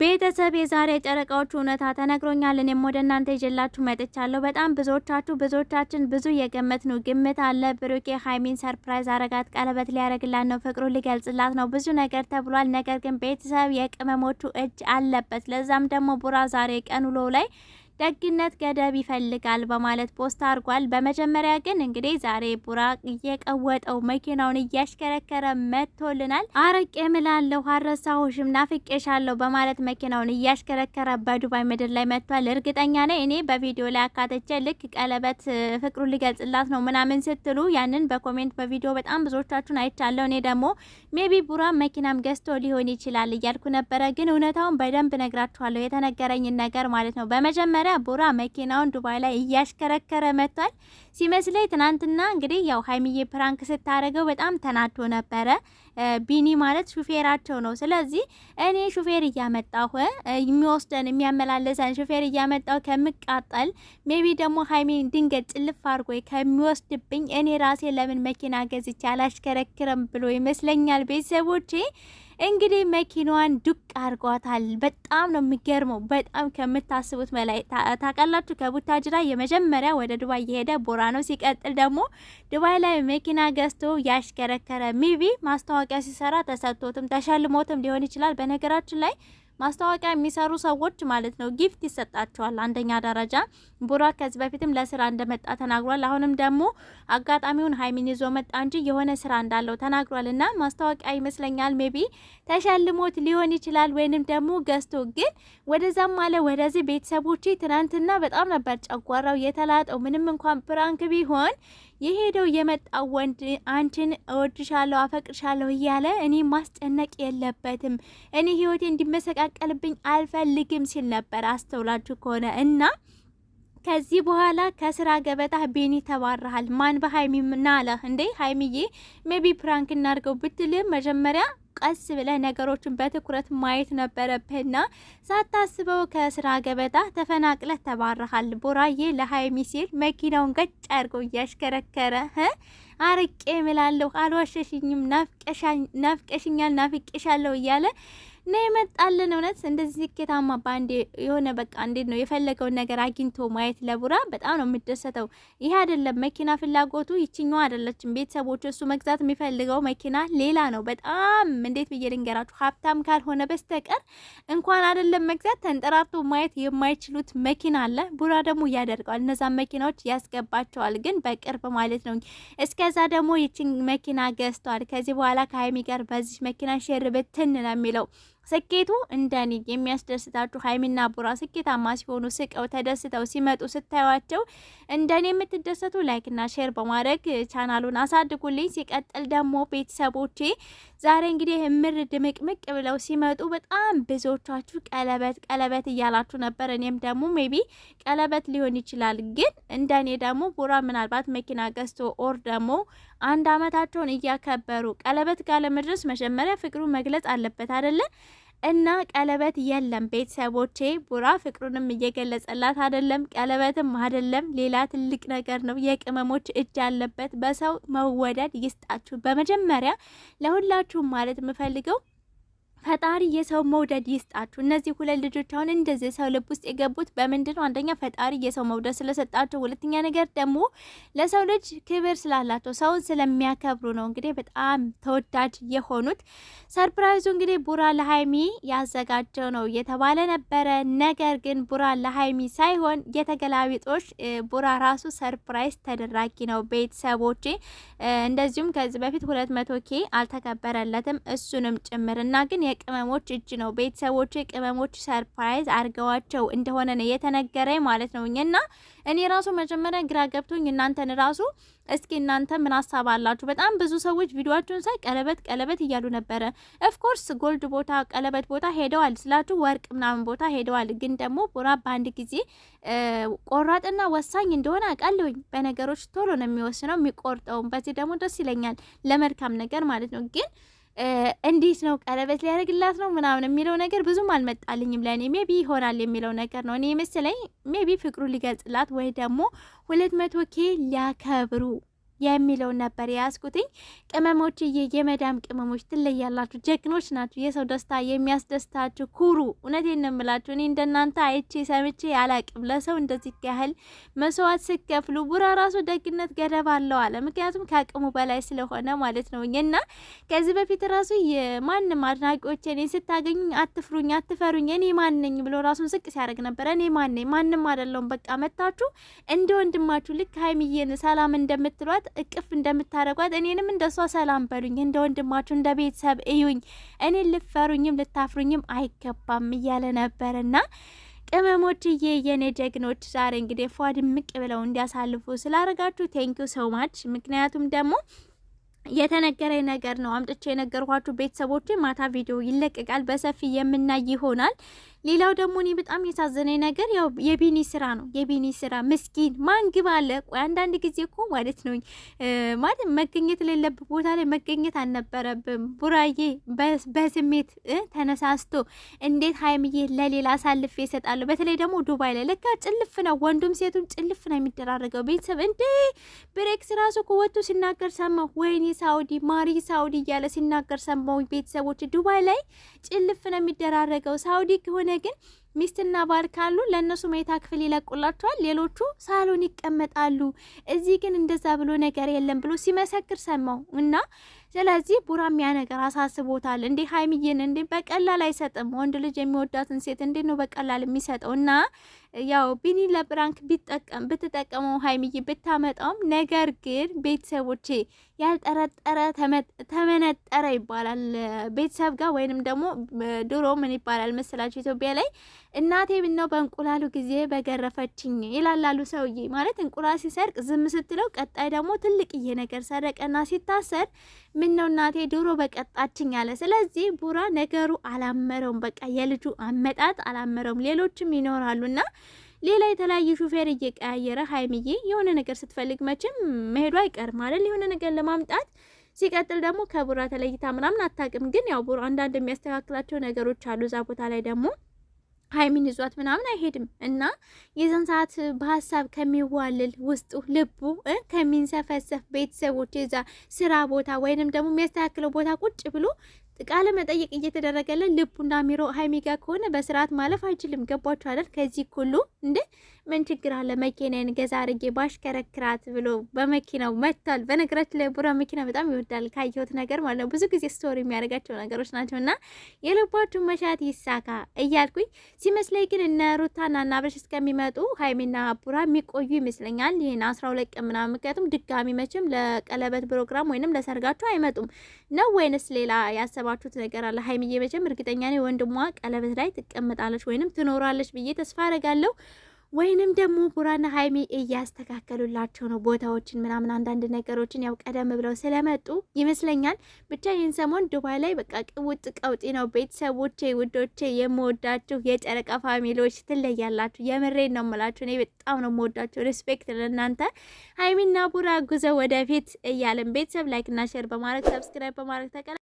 ቤተሰብ የዛሬ የጨረቃዎቹ እውነታ ተነግሮኛል። እኔም ወደ እናንተ ይዤላችሁ መጥቻለሁ። በጣም ብዙዎቻችሁ ብዙዎቻችን ብዙ የገመት ነው ግምት አለ። ብሩኬ ሀይሚን ሰርፕራይዝ አረጋት፣ ቀለበት ሊያረግላት ነው፣ ፍቅሩ ሊገልጽላት ነው፣ ብዙ ነገር ተብሏል። ነገር ግን ቤተሰብ የቅመሞቹ እጅ አለበት። ለዛም ደግሞ ቡራ ዛሬ ቀን ውሎ ላይ ደግነት ገደብ ይፈልጋል በማለት ፖስት አድርጓል። በመጀመሪያ ግን እንግዲህ ዛሬ ቡራ እየቀወጠው መኪናውን እያሽከረከረ መጥቶልናል። አረቄ እምላለሁ አረሳሁሽም፣ ናፍቄሻለሁ በማለት መኪናውን እያሽከረከረ በዱባይ ምድር ላይ መጥቷል። እርግጠኛ ነኝ እኔ በቪዲዮ ላይ አካተቼ ልክ ቀለበት ፍቅሩ ሊገልጽላት ነው ምናምን ስትሉ ያንን በኮሜንት በቪዲዮ በጣም ብዙዎቻችሁን አይቻለሁ። እኔ ደግሞ ሜቢ ቡራ መኪናም ገዝቶ ሊሆን ይችላል እያልኩ ነበረ። ግን እውነታውን በደንብ ነግራችኋለሁ የተነገረኝን ነገር ማለት ነው በመጀመሪያ መጀመሪያ ቦራ መኪናውን ዱባይ ላይ እያሽከረከረ መጥቷል። ሲመስለኝ ትናንትና እንግዲህ ያው ሀይሚዬ ፕራንክ ስታደርገው በጣም ተናዶ ነበረ። ቢኒ ማለት ሹፌራቸው ነው። ስለዚህ እኔ ሹፌር እያመጣሁ የሚወስደን የሚያመላለሰን ሹፌር እያመጣሁ ከምቃጠል ሜቢ ደግሞ ሀይሚ ድንገት ጭልፍ አርጎ ከሚወስድብኝ እኔ ራሴ ለምን መኪና ገዝቼ አላሽከረክረም ብሎ ይመስለኛል ቤተሰቦቼ እንግዲህ መኪናዋን ዱቅ አድርጓታል። በጣም ነው የሚገርመው። በጣም ከምታስቡት በላይ ታውቃላችሁ። ከቡታጅራ የመጀመሪያ ወደ ዱባይ የሄደ ቦራ ነው። ሲቀጥል ደግሞ ዱባይ ላይ መኪና ገዝቶ ያሽከረከረ ሚቪ ማስታወቂያ ሲሰራ ተሰጥቶትም ተሸልሞትም ሊሆን ይችላል። በነገራችን ላይ ማስታወቂያ የሚሰሩ ሰዎች ማለት ነው ጊፍት ይሰጣቸዋል። አንደኛ ደረጃ ቡራ ከዚህ በፊትም ለስራ እንደመጣ ተናግሯል። አሁንም ደግሞ አጋጣሚውን ሀይሚን ይዞ መጣ እንጂ የሆነ ስራ እንዳለው ተናግሯል። እና ማስታወቂያ ይመስለኛል ሜቢ ተሸልሞት ሊሆን ይችላል ወይንም ደግሞ ገዝቶ ግን ወደዛም አለ ወደዚህ። ቤተሰቦቼ ትናንትና በጣም ነበር ጨጓራው የተላጠው ምንም እንኳን ፕራንክ ቢሆን የሄደው የመጣው ወንድ አንቺን እወድሻለሁ አፈቅርሻለሁ እያለ እኔ ማስጨነቅ የለበትም እኔ ህይወቴ እንዲመሰቃቀልብኝ አልፈልግም ሲል ነበር አስተውላችሁ ከሆነ እና ከዚህ በኋላ ከስራ ገበታ ቤኒ ተባረሃል። ማን በሀይሚ እንዴ? ሀይሚዬ ሜቢ ፕራንክ እናድርገው ብትልም መጀመሪያ ቀስ ብለህ ነገሮችን በትኩረት ማየት ነበረብህና ሳታስበው ከስራ ገበታ ተፈናቅለህ ተባረሃል። ቡራዬ ለሀይሚ ሲል መኪናውን ገጭ አድርጎ እያሽከረከረ አርቄ ምላለሁ፣ አልዋሸሽኝም፣ ናፍቀሽኛል፣ ናፍቄሻለሁ እያለ እኔ የመጣልን እውነት እንደዚህ ስኬታማ በአንድ የሆነ በቃ እንዴት ነው የፈለገውን ነገር አግኝቶ ማየት ለቡራ በጣም ነው የምደሰተው። ይሄ አይደለም መኪና ፍላጎቱ ይችኛው አይደለችም። ቤተሰቦች እሱ መግዛት የሚፈልገው መኪና ሌላ ነው። በጣም እንዴት ብዬ ልንገራችሁ፣ ሀብታም ካልሆነ በስተቀር እንኳን አይደለም መግዛት ተንጠራርቶ ማየት የማይችሉት መኪና አለ። ቡራ ደግሞ ያደርገዋል። እነዛን መኪናዎች ያስገባቸዋል፣ ግን በቅርብ ማለት ነው። እስከዛ ደግሞ ይችን መኪና ገዝቷል። ከዚህ በኋላ ከሀይሚ ጋር በዚህ መኪና ሼር ብትን ነው የሚለው ስኬቱ እንደኔ የሚያስደስታችሁ ሀይሚና ቡራ ስኬታማ ሲሆኑ ስቀው ተደስተው ሲመጡ ስታዩቸው እንደኔ የምትደሰቱ ላይክና ሼር በማድረግ ቻናሉን አሳድጉልኝ። ሲቀጥል ደግሞ ቤተሰቦቼ ዛሬ እንግዲህ እምር ድምቅምቅ ብለው ሲመጡ በጣም ብዙዎቻችሁ ቀለበት ቀለበት እያላችሁ ነበር። እኔም ደግሞ ሜቢ ቀለበት ሊሆን ይችላል፣ ግን እንደኔ ደግሞ ቡራ ምናልባት መኪና ገዝቶ ኦር ደግሞ አንድ አመታቸውን እያከበሩ ቀለበት ጋር ለመድረስ መጀመሪያ ፍቅሩን መግለጽ አለበት አደለ? እና ቀለበት የለም ቤተሰቦቼ። ቡራ ፍቅሩንም እየገለጸላት አደለም፣ ቀለበትም አደለም፣ ሌላ ትልቅ ነገር ነው። የቅመሞች እጅ ያለበት በሰው መወደድ ይስጣችሁ። በመጀመሪያ ለሁላችሁም ማለት የምፈልገው ፈጣሪ የሰው መውደድ ይስጣችሁ። እነዚህ ሁለት ልጆች አሁን እንደዚህ ሰው ልብ ውስጥ የገቡት በምንድን ነው? አንደኛ ፈጣሪ የሰው መውደድ ስለሰጣቸው፣ ሁለተኛ ነገር ደግሞ ለሰው ልጅ ክብር ስላላቸው ሰውን ስለሚያከብሩ ነው። እንግዲህ በጣም ተወዳጅ የሆኑት ሰርፕራይዙ እንግዲህ ቡራ ለሀይሚ ያዘጋጀው ነው የተባለ ነበረ። ነገር ግን ቡራ ለሀይሚ ሳይሆን የተገላቢጦች ቡራ ራሱ ሰርፕራይዝ ተደራጊ ነው። ቤተሰቦቼ እንደዚሁም ከዚህ በፊት ሁለት መቶ ኬ አልተከበረለትም እሱንም ጭምርና ግን የቅመሞች እጅ ነው። ቤተሰቦች ቅመሞች ሰርፕራይዝ አድርገዋቸው እንደሆነ ነው የተነገረ ማለት ነው። እና እኔ ራሱ መጀመሪያ ግራ ገብቶኝ እናንተን ራሱ እስኪ እናንተ ምን ሀሳብ አላችሁ? በጣም ብዙ ሰዎች ቪዲዮአችሁን ሳይ ቀለበት ቀለበት እያሉ ነበረ። ኦፍኮርስ ጎልድ ቦታ ቀለበት ቦታ ሄደዋል ስላችሁ ወርቅ ምናምን ቦታ ሄደዋል። ግን ደግሞ ቡራ በአንድ ጊዜ ቆራጥና ወሳኝ እንደሆነ አውቃለሁኝ። በነገሮች ቶሎ ነው የሚወስነው የሚቆርጠውም። በዚህ ደግሞ ደስ ይለኛል ለመልካም ነገር ማለት ነው ግን እንዴት ነው ቀለበት ሊያደርግላት ነው ምናምን የሚለው ነገር ብዙም አልመጣልኝም። ለእኔ ሜቢ ይሆናል የሚለው ነገር ነው እኔ መሰለኝ ሜቢ ፍቅሩ ሊገልጽላት ወይ ደግሞ ሁለት መቶ ኬ ሊያከብሩ የሚለውን ነበር የያዝኩትኝ። ቅመሞችዬ፣ የመዳም ቅመሞች ትለያላችሁ፣ ጀግኖች ናችሁ። የሰው ደስታ የሚያስደስታችሁ ኩሩ። እውነት የንምላችሁ እኔ እንደናንተ አይቼ ሰምቼ አላቅም። ለሰው እንደዚህ ያህል መስዋዕት ስከፍሉ ቡራ ራሱ ደግነት ገደብ አለው አለ። ምክንያቱም ከአቅሙ በላይ ስለሆነ ማለት ነው። እና ከዚህ በፊት ራሱ የማንም አድናቂዎች እኔ ስታገኙ አትፍሩኝ፣ አትፈሩኝ፣ እኔ ማንነኝ ብሎ ራሱን ዝቅ ሲያደርግ ነበረ። እኔ ማንነኝ ማንም አይደለውም። በቃ መታችሁ እንደ ወንድማችሁ ልክ ሀይሚዬን ሰላም እንደምትሏት እቅፍ እንደምታደርጓት እኔንም እንደሷ ሰላም በሉኝ፣ እንደ ወንድማችሁ እንደ ቤተሰብ እዩኝ፣ እኔ ልፈሩኝም ልታፍሩኝም አይገባም እያለ ነበርና ቅመሞችዬ የኔ ጀግኖች ዛሬ እንግዲህ ፏ ድምቅ ብለው እንዲያሳልፉ ስላደረጋችሁ ቴንኪዩ ሰው ማች። ምክንያቱም ደግሞ የተነገረ ነገር ነው አምጥቼ የነገርኳችሁ ቤተሰቦች። ማታ ቪዲዮ ይለቀቃል በሰፊ የምናይ ይሆናል። ሌላው ደግሞ እኔ በጣም የሳዘነኝ ነገር ያው የቢኒ ስራ ነው። የቢኒ ስራ ምስኪን ማንግብ አለ። ቆይ አንዳንድ ጊዜ እኮ ማለት ነው ማለት መገኘት ሌለብ ቦታ ላይ መገኘት አልነበረብም። ቡራዬ በስሜት ተነሳስቶ እንዴት ሀይምዬ ለሌላ አሳልፌ ይሰጣለሁ። በተለይ ደግሞ ዱባይ ላይ ለካ ጭልፍ ነው፣ ወንዱም ሴቱም ጭልፍ ነው የሚደራረገው። ቤተሰብ እንዴ ብሬክስ ራሱ እኮ ወጥቶ ሲናገር ሰማሁ። ወይኔ ሳውዲ ማሪ ሳውዲ እያለ ሲናገር ሰማሁ። ቤተሰቦች ዱባይ ላይ ጭልፍ ነው የሚደራረገው ሳውዲ ከሆነ again ሚስትና ባል ካሉ ለእነሱ መኝታ ክፍል ይለቁላቸዋል፣ ሌሎቹ ሳሎን ይቀመጣሉ። እዚህ ግን እንደዛ ብሎ ነገር የለም ብሎ ሲመሰክር ሰማው እና ስለዚህ ቡራም ያ ነገር አሳስቦታል። እንዴ ሀይሚዬን እንዴ በቀላል አይሰጥም። ወንድ ልጅ የሚወዳትን ሴት እንዴ ነው በቀላል የሚሰጠው? እና ያው ቢኒ ለብራንክ ቢጠቀም ብትጠቀመው ሀይሚዬ ብታመጣውም፣ ነገር ግን ቤተሰቦቼ ያልጠረጠረ ተመነጠረ ይባላል። ቤተሰብ ጋር ወይንም ደግሞ ድሮ ምን ይባላል መሰላችሁ ኢትዮጵያ ላይ እናቴ ብነው በእንቁላሉ ጊዜ በገረፈችኝ ይላላሉ ሰውዬ። ማለት እንቁላል ሲሰርቅ ዝም ስትለው ቀጣይ ደግሞ ትልቅዬ ነገር ሰረቀና ሲታሰር ምነው እናቴ ድሮ በቀጣችኝ አለ። ስለዚህ ቡራ ነገሩ አላመረውም። በቃ የልጁ አመጣጥ አላመረውም። ሌሎችም ይኖራሉና ሌላ የተለያዩ ሹፌር እየቀያየረ ሀይምዬ የሆነ ነገር ስትፈልግ መቼም መሄዱ አይቀርም አይደል? የሆነ ነገር ለማምጣት ሲቀጥል ደግሞ ከቡራ ተለይታ ምናምን አታውቅም። ግን ያው ቡራ አንዳንድ የሚያስተካክላቸው ነገሮች አሉ እዛ ቦታ ላይ ደግሞ ሀይሚን ይዟት ምናምን አይሄድም እና የዛን ሰዓት በሀሳብ ከሚዋልል ውስጡ ልቡ ከሚንሰፈሰፍ ቤተሰቦች የዛ ስራ ቦታ ወይንም ደግሞ የሚያስተካክለው ቦታ ቁጭ ብሎ ቃለ መጠየቅ እየተደረገለን ልቡና ሚሮ ሀይሚ ጋ ከሆነ በስርዓት ማለፍ አይችልም። ገባችሁ አይደል? ከዚህ ሁሉ እንደ ምን ችግር አለ? መኪናን ገዛ አድርጌ ባሽከረክራት ብሎ በመኪናው መጥቷል። በነገራችን ላይ ቡራ መኪና በጣም ይወዳል። ካየሁት ነገር ማለት ነው። ብዙ ጊዜ ስቶሪ የሚያደርጋቸው ነገሮች ናቸው። እና የልባችሁ መሻት ይሳካ እያልኩኝ ሲመስለኝ ግን እነ ሩታና እና አብረሽ እስከሚመጡ ሀይሚና ቡራ የሚቆዩ ይመስለኛል። ይህን አስራ ሁለት ቀን ምናምን ምክንያቱም ድጋሚ መቼም ለቀለበት ፕሮግራም ወይንም ለሰርጋቸው አይመጡም ነው ወይንስ ሌላ ያሰባ ያሰባችሁት ነገር አለ። ሀይሚዬ መቼም እርግጠኛ ነኝ ወንድሟ ቀለበት ላይ ትቀመጣለች ወይንም ትኖራለች ብዬ ተስፋ አደርጋለሁ። ወይንም ደግሞ ቡራና ሀይሚ እያስተካከሉላቸው ነው ቦታዎችን ምናምን አንዳንድ ነገሮችን ያው ቀደም ብለው ስለመጡ ይመስለኛል። ብቻ ይህን ሰሞን ዱባይ ላይ በቃ ቅውጥ ቀውጢ ነው። ቤተሰቦቼ፣ ውዶቼ፣ የምወዳችሁ የጨረቃ ፋሚሊዎች ትለያላችሁ። የምሬን ነው የምላችሁ። እኔ በጣም ነው የምወዳችሁ። ሪስፔክት ለእናንተ። ሀይሚና ቡራ ጉዞ ወደፊት እያለን ቤተሰብ ላይክና ሼር በማድረግ ሰብስክራይብ በማድረግ ተቀላ